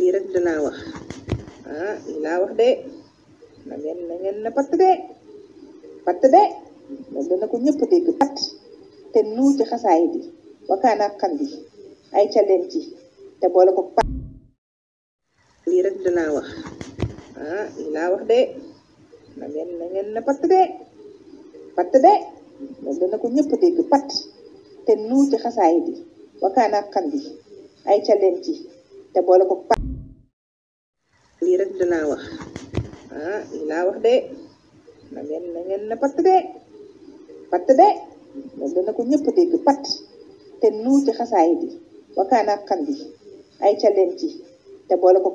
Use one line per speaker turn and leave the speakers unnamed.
lii rek danaa wax ah lii laa wax de
na gen na ngeen na patt de patt de loolu dana ko ñëpp dégg patt te nuu ci xasaay bi wakaana xam bi ay ca ci
te boole ko patt lii rek danaa wax ah lii laa wax de na ngeen na ngeen na patt de patt de loolu dana
ko ñëpp dégg patt te nuu ci xasaay bi wakaana xam bi ay ca
leen ci te boole ko patt lii rek dinaa wax ah wax de na ngeen na ngeen na de patt de
loolu dana ko ñëpp dégg patt te nuu ci xasaay bi wakaanaak xam bi
ay ca leen ci te boole ko